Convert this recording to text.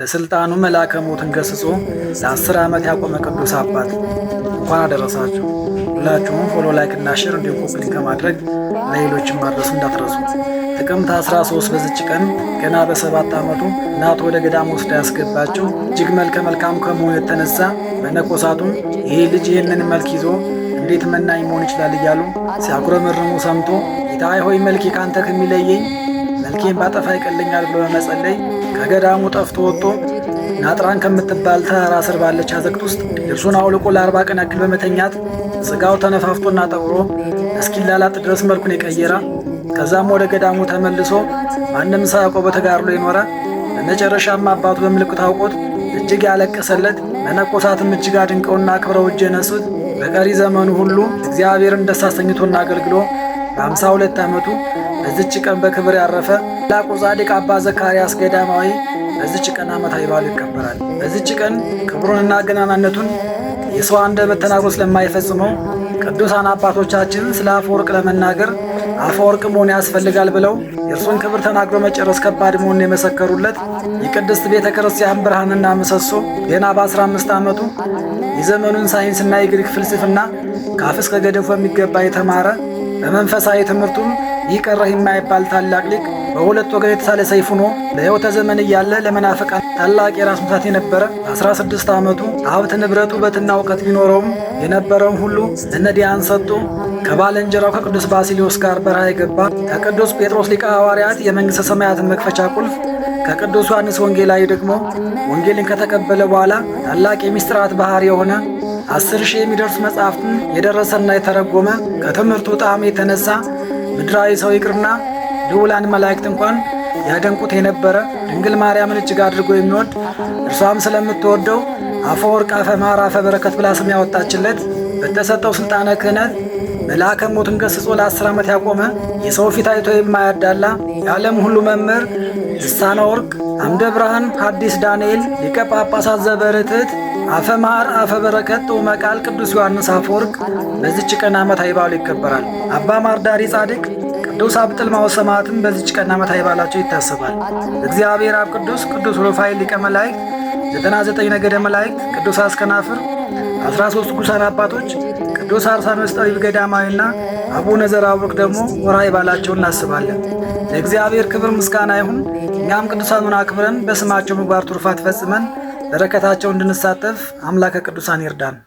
በስልጣኑ መላከ ሞትን ገሥጾ ለአስር ዓመት ያቆመ ቅዱስ አባት እንኳን አደረሳችሁ። ሁላችሁም ፎሎ፣ እና ሼር እንዲሁም ኮፕሊን ከማድረግ ለሌሎችም ማድረሱ እንዳትረሱ። ጥቅምት 13 በዝች ቀን ገና በሰባት ዓመቱ እናቱ ወደ ገዳም ወስዳ ያስገባቸው እጅግ መልከ መልካም ከመሆኑ የተነሳ መነኮሳቱም ይህ ልጅ ይህንን መልክ ይዞ እንዴት መናኝ መሆን ይችላል እያሉ ሲያጉረመርሙ ሰምቶ ጌታ ሆይ መልኬ ካንተ ከሚለየኝ መልኬን ባጠፋ ይቀልኛል ብሎ በመጸለይ ከገዳሙ ጠፍቶ ወጥቶ ናጥራን ከምትባል ተራራ ስር ባለች አዘቅት ውስጥ ልብሱን አውልቆ ለአርባ ቀን ያክል በመተኛት ስጋው ተነፋፍቶና ጠቁሮ እስኪላላጥ ድረስ መልኩን የቀየረ ከዛም ወደ ገዳሙ ተመልሶ ማንም ሳያውቀው በተጋድሎ የኖረ በመጨረሻም አባቱ በምልክት አውቆት እጅግ ያለቀሰለት መነኮሳትም እጅግ አድንቀውና አክብረው እጅ የነሱት በቀሪ ዘመኑ ሁሉ እግዚአብሔርን ደስ አሰኝቶና አገልግሎ በአምሳ ሁለት ዓመቱ በዝች ቀን በክብር ያረፈ ላቁ ጻድቅ አባ ዘካርያስ ገዳማዊ በዝች ቀን ዓመታዊ በዓሉ ይከበራል። በዝች ቀን ክብሩንና ገናናነቱን የሰው አንደበት ተናግሮ ስለማይፈጽመው ቅዱሳን አባቶቻችን ስለ አፈወርቅ ለመናገር አፈወርቅ መሆን ያስፈልጋል ብለው የእርሱን ክብር ተናግሮ መጨረስ ከባድ መሆኑን የመሰከሩለት የቅድስት ቤተ ክርስቲያን ብርሃንና ምሰሶ ገና በ15 ዓመቱ የዘመኑን ሳይንስና የግሪክ ፍልስፍና ከአፍ እስከ ገደፉ የሚገባ የተማረ በመንፈሳዊ ትምህርቱም ይህ የማይባል ታላቅ ሊቅ በሁለት ወገን የተሳለ ሰይፍ ሆኖ በሕይወተ ዘመን እያለ ለመናፍቃን ታላቅ የራስ ምታት የነበረ በአስራ ስድስት ዓመቱ ሀብት ንብረት ውበትና እውቀት ቢኖረውም የነበረውን ሁሉ ለነዳያን ሰጡ። ከባልንጀራው ከቅዱስ ባሲሊዮስ ጋር በረሃ የገባ ከቅዱስ ጴጥሮስ ሊቀ ሐዋርያት የመንግሥተ ሰማያትን መክፈቻ ቁልፍ ከቅዱስ ዮሐንስ ወንጌላዊ ደግሞ ወንጌልን ከተቀበለ በኋላ ታላቅ የሚስጥራት ባሕር የሆነ አስር ሺህ የሚደርስ መጽሐፍትን የደረሰና የተረጎመ ከትምህርቱ ጣዕም የተነሳ ምድራዊ ሰው ይቅርና ልዑላን መላእክት እንኳን ያደንቁት የነበረ ድንግል ማርያምን እጅግ አድርጎ የሚወድ እርሷም ስለምትወደው አፈ ወርቅ አፈ ማር አፈ በረከት ብላ ስም ያወጣችለት በተሰጠው ሥልጣነ ክህነት መልአከ ሞትን ገስጾ ለአስር ዓመት ያቆመ የሰው ፊት አይቶ የማያዳላ የዓለም ሁሉ መምህር ልሳነ ወርቅ አምደ ብርሃን ሐዲስ ዳንኤል ሊቀ ጳጳሳት ዘበርትት አፈ ማር አፈ በረከት ጥዑመ ቃል ቅዱስ ዮሐንስ አፈወርቅ በዚች ቀን ዓመት አይባሉ ይከበራል። አባ ማርዳሪ ጻድቅ ቅዱስ አብጥልማው ሰማዕትም በዚች ቀን ዓመታዊ በዓላቸው ይታሰባል። እግዚአብሔር አብ ቅዱስ፣ ቅዱስ ሩፋኤል ሊቀ መላእክት፣ ዘጠና ዘጠኝ ነገደ መላእክት፣ ቅዱስ አስከናፍር፣ አስራ ሦስት ቅዱሳን አባቶች፣ ቅዱስ አርሳኖስ ጠቢብ ገዳማዊና አቡነ ዘራውቅ ደግሞ ወርኃዊ በዓላቸውን እናስባለን። ለእግዚአብሔር ክብር ምስጋና ይሁን። እኛም ቅዱሳኑን አክብረን በስማቸው ምግባር ትሩፋት ፈጽመን በረከታቸው እንድንሳተፍ አምላከ ቅዱሳን ይርዳን።